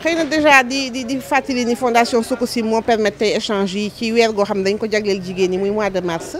xëy na déjà di di di fàttali ni fondation Sococim mo permettre tey échange yi ci weer go xam dañ ko jagleel jigéen ñi muy mois de mars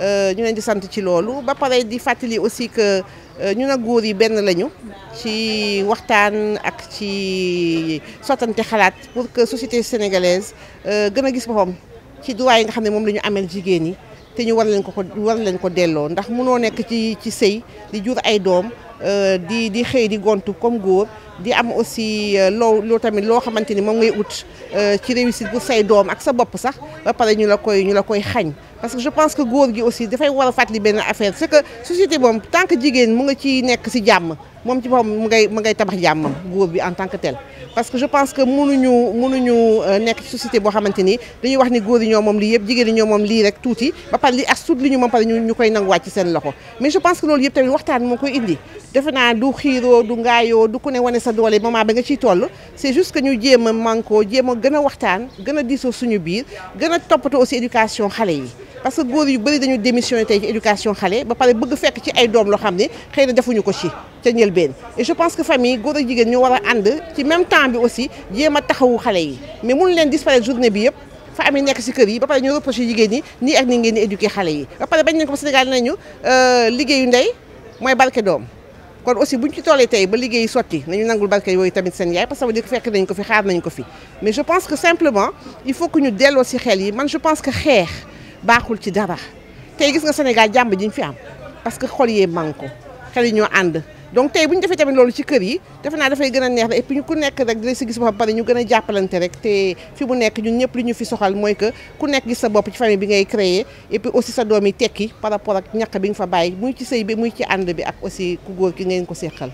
euh ñu leen di sante ci lolu ba pare di fàttali aussi que euh, ñu na góor yi ben lañu ci waxtaan ak ci sotante xalaat pour que société sénégalaise euh gëna gis boppam ci droit yi nga xam mom lañu amel jigéen yi té ñu war leen ko war leen ko delloo ndax mëno nek ci ci sey di jur ay dom Euh, di di xëy di gontu comme góor di am aussi euh, loo loo tamit loo xamante ni moom ngay ut euh, ci réussite bu say doom ak sa bopp sax ba pare ñu la koy ñu la koy xañ parce que je pense que góor gi aussi dafay war a fàttali benn affaire c'est que société moom tant que jigéen mu nga ci nekk si jàmm Moi ci boppam ngay ngay tabax jàmmam goor bi en tant que tel parce que je pense que mënuñu mënuñu euh, nek ci société bo xamanteni dañuy wax ni goor yi ñoo mom li yëpp jigéen yi ñoo mom li rek touti ba par li as tuut li ñu mom par ñu ñukoy nang wacc sen loxo mais je pense que lool yëpp tamit waxtaan mo koy indi defena du xiro du ngaayo du ku ne wane sa doole moment ba nga ci toll c'est juste que ñu jéem manko jéem gëna waxtaan gëna diso suñu biir gëna topato aussi éducation xalé yi parce que góor yu bari dañu démissioné tay ci éducation xalé ba paré bëgg fekk ci ay doom lo xamné xeyna xëy defuñu ko ci ca njëlbeen et je pense que famille góor ak jigéen ñoo war a ci même temps bi aussi jéem taxawu xalé yi mais mun leen disparaître journée bi yépp fa yi nekk ci kër yi ba paré ñu reproché jigen ni ni ak ni ngeen di éduquer xalé yi ba paré bañ ñu ko Sénégal nañu euh liggéeyu ndey moy barké doom kon aussi buñ ci tolé tay ba liggéey soti nañu nangul barké yoy tamit sen yaay parce que ça veut dire fekk nañ ko fi xaar nañ ko fi mais je pense que simplement il faut que ñu délo ci xel yi man je pense que xex baaxul ci dara tey gis nga Sénégal jàmb ji ñu fi am parce que xol yee manko xel yi ñoo ànd donc tey bu ñu defee tamit loolu ci kër yi defe naa dafay gën a neex et puis ku nekk rek dina si gis ba pare ñu gën a jàppalante rek te fi mu nekk ñun ñëpp li ñu fi soxal mooy que ku nekk gis sa bopp ci famille bi ngay créer et puis aussi sa doom yi tekki par rapport ak ñàkk bi nga fa bàyyi muy ci sëy bi muy ci ànd bi ak aussi ku góor ki ngeen ko séqal